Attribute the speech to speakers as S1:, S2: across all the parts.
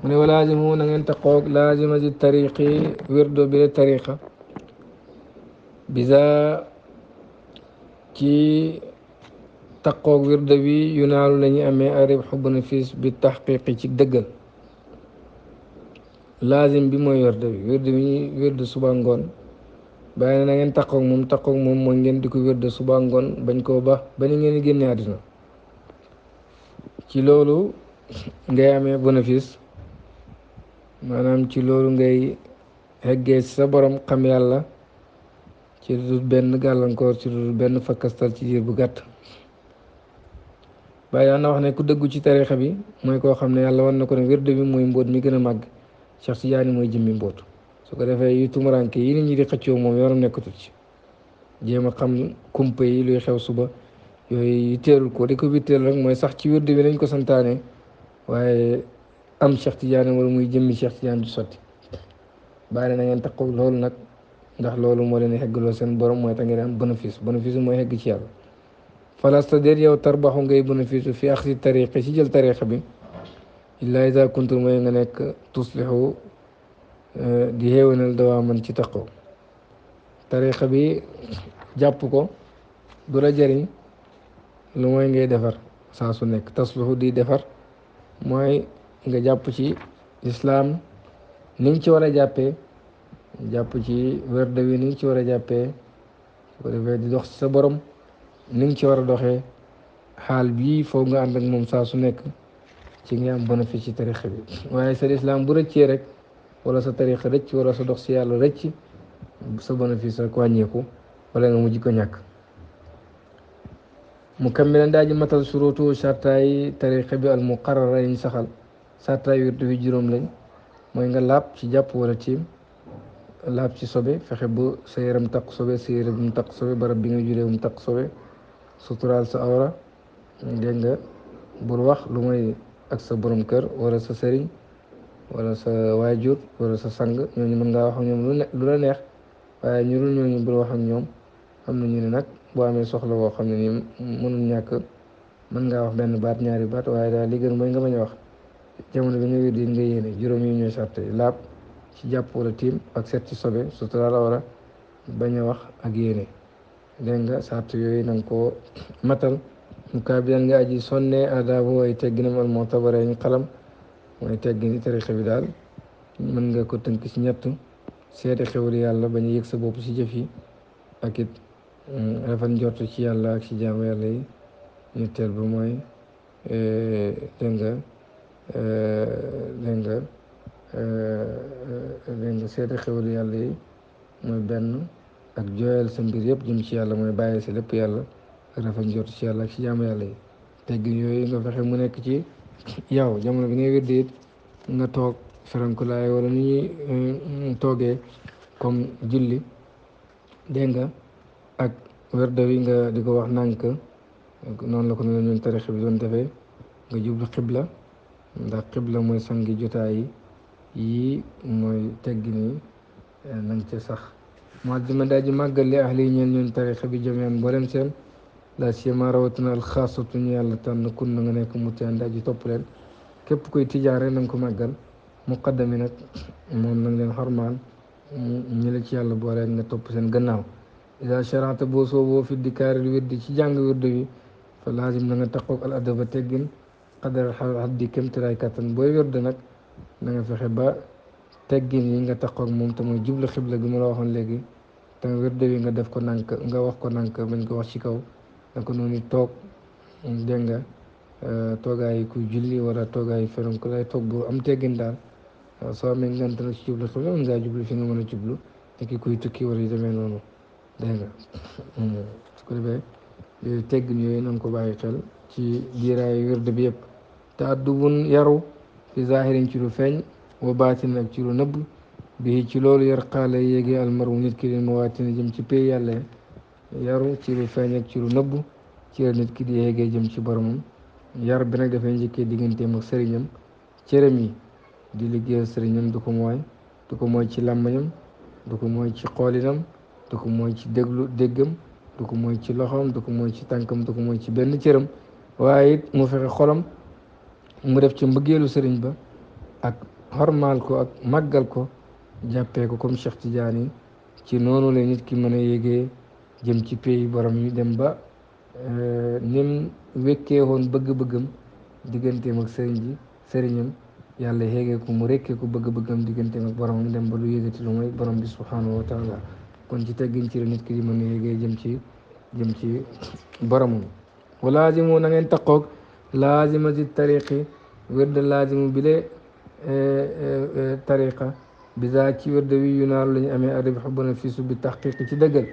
S1: mu ne walaajimu na ngeen taqoog laajima ji tariqi wirdo bi la tariqa bisa ci taqoog wirdo bi yu naalu la ñuy amee arib xubbu nafis bi taxqiqi ci dëggal laazim bi mooy wirdo bi wirdo bi ñuy wirdo suba ngoon na ngeen taqoog moom taqoog moom mooy ngeen di ko wirdo suba ngoon bañ koo ba ba ni ngeen génne àddina ci loolu ngay amee bénéfice maanaam ci loolu ngay heggee sa boroom xam yàlla ci dul benn gàllankoor ci dul benn fakkastal ci diir bu gàtt bàyyi daan na wax ne ku dëggu ci tarixa bi mooy koo xam ne yàlla war na ko ne wirde bi mooy mbóot mi gën a màgg Cheikh Tidiane mooy jëmmi mbóot su ko defee yu tumuranke yi nit ñi di xëccoo moom yoonam nekkatul ci jéem a xam kumpa yi luy xew suba yooyu teelul ko di ko bi rek mooy sax ci wirde bi nañ ko santaane waaye am Cheikh Tidiane wala muy jëmmi Cheikh Tidiane du sotti bàyyi na ngeen taxaw loolu nag ndax loolu moo leen heggaloo seen borom mooy tax ngeen am bénéfice bénéfice mooy hegg ci yàlla falasta déet yow tarbaxu ngay bénéfice fi axsi tariqi si jël tariqa bi illaa isa kuntu mooy nga nekk tuslixu eh, di xéewanal dawaa man ci taxaw tariqa bi jàpp ko du la jëriñ lu mooy ngay defar saa su nekk tasluxu di defar mooy nga jàpp ci islaam ni nga ci war a jàppee jàpp ci werde wi ni nga ci war a jàppee su ko defee di dox sa borom ni nga ci war a doxee xaal bi foog nga ànd ak moom saa su nekk ci nga am bénéfice ci tarixa bi waaye sa islaam bu rëccee rek wala sa tarixa rëcc wala sa dox si yàlla rëcc sa bénéfice rek wàññeeku walla nga mujj ko ñàkk mu kammilan daa mat matal surutu sartaayi tarixa bi al muqarrara yi ñu saxal sartaay wird wi juróom lañ mooy nga laab ci jàpp wala tiim laab ci sobe fexe ba sa yaram takk sobe sa yére bu mu taq sobe barab bi nga julee mu takk sobe suturaal sa awra dégg nga bul wax lu may ak sa boroom kër wala sa sëriñ walla sa waajur wala sa sang ñooñu mën ngaa wax ak ñoom lu la neex waaye ñu dul ñooñu bul wax ak ñoom am na ñu ne nag boo amee soxla boo xam ne nii ñàkk mën ngaa wax benn baat ñaari baat waaye daal li gën mooy nga bañ a wax jamono bi nga wér di yéene juróom yi ñooy sàrt yi laab ci jàpp wala tiim ak set ci sobe sutura la wala bañ a wax ak yéene dégg nga sàrt yooyu na nga koo matal mu kaabilan nga aji sonne adaabu ay tegginam al mutabara xalam mooy teggini tarixa bi daal mën nga ko tënk ci ñett seede xewli yàlla bañ a yëg sa bopp ci jëf yi ak it mm, rafet njort ci yàlla ak ci jaamu yàlla yi ñetteel ba mooy eh, dégg dégg nga dégg nga yi mooy benn ak jooyal sa mbir yëpp ci yàlla mooy bàyyi sa lépp yàlla rafet njort ci yàlla ak ci jaamu yàlla yi tegg yooyu nga fexe mu nekk ci yow jamono bi ngay wéddi it nga toog ferankulaay wala ni ñuy mm, toogee comme julli dégg nga ak werda wi nga di ko wax nànk noonu la ko ne ñun tarix bi doon defee nga jublu xibla ndax xibla mooy sangi jotaay yi mooy teggin yi eh, nañ ca sax muaddima daa ji màggal li ahli ñun ñooñ tarixa bi jamian mboolem seen la siyama rawatina alxaasatu ñu yàlla tànn kun na nekk mutiyaan daa ji topp leen képp kuy tijaare nañ ko màggal muqaddam yi nag moom nañ leen xormaal ñu la ci yàlla boole nga topp seen gannaaw ida charante boo sooboo fi di kaaril wirdi ci jàng wirdi wi fa laazim na nga taqoog al adaba teggin xadaral xat di kémtalaay kàttan booy wér de nag na nga fexe ba teggin yi nga taxoog moom te mooy jublu xibla gi ma la waxoon léegi te wér de wi nga def ko nànk nga wax ko nànk bañ ko wax ci kaw da ko noonu toog dégg nga euh, toogaay ku julli wala toogaay ferom ko lay toog bu am teggin daal soo amee ngant nag ci jublu xibla mën ngaa jublu fi nga mën a jublu te ki kuy tukki noonu dégg nga hmm. su ko defee teggin yooyu na ko bàyyi xel ci diiraayu wérde bi yëpp te addubun yaru fi zahirin ci lu feeñ wa baatin ak ci lu nëbb bii ci loolu yar xaala yéegi almaru nit ki di mawaatina jëm ci pay yàlla yaru ci lu feeñ ak ci lu nëbb ci la nit ki di yéegee jëm ci boromam yar bi nag dafay njëkkee digganteem ak sëriñam cëram yi di liggéey sëriñam du ko mooy du ko mooy ci làmmañam du ko mooy ci xoolinam du ko mooy ci déglu déggam du ko mooy ci loxoom du ko mooy ci tànkam du ko mooy ci benn cëram waaye mu fexe xolam mu def ci mbëggeelu sëriñ ba ak xormaal ko ak màggal ko jàppee ko comme Cheikh Tidiane ci noonu la nit ki mën a yégee jëm ci pays borom yi dem ba euh, nim wekkee woon bëgg-bëggam digganteem ak sëriñ ji sëriñam yàlla yéegee ko mu rekkee ko bëgg-bëggam digganteem ak boromam dem ba lu yégati lu mooy borom bi subhanahu wa taala kon ci teggin ci la nit ki di mën a yégee jëm ci jëm ci boromam walaa ngeen taqoog لازم زي الطريقة ورد لازم بلا آه، آه، آه، طريقة بذاك ورد وينار لن أمي أربح بنفسه بالتحقيق تدقل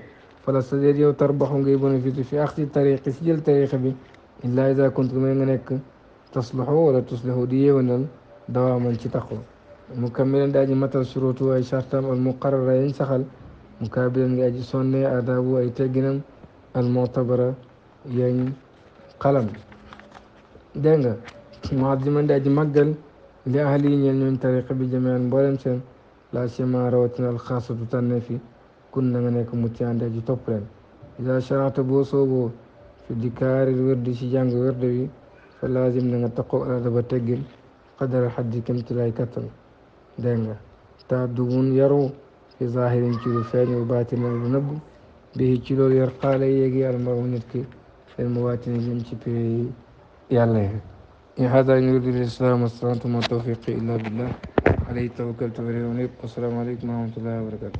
S1: فلا صدير يو تربحون غي بنفسه في أخذ الطريقة سجل الطريقة بي إلا إذا كنت من هناك تصلحوا ولا تصلحوا دي ونن دواما تتخوا مكملا داجي متى الشروط وهي شرطهم المقررة ينسخل مقابلا لأجي سنة أداب وأي المعتبرة يعني قلم دنگا ما دمان داج مغل لأهلي نيون طريق بجميع بولم سن لا شما روتنا الخاصة تنفي كنا نيك متيان داج توبلن إذا شرعت بوسو بو في ديكار الورد شي جانغ ورد وي فلازم نغا تقو أدب تجل قدر حد كم تلاي كتن دنگا تا دوون يرو في ظاهر كيلو فاني وباتنا بنبو به كيلو يرقالي يجي المرونيكي في المواطنين جمشي في يا هذا إن يريد الإسلام والصلاه والتوفيق إلا بالله عليه توكلت وإليه أنيب والسلام عليكم ورحمة الله وبركاته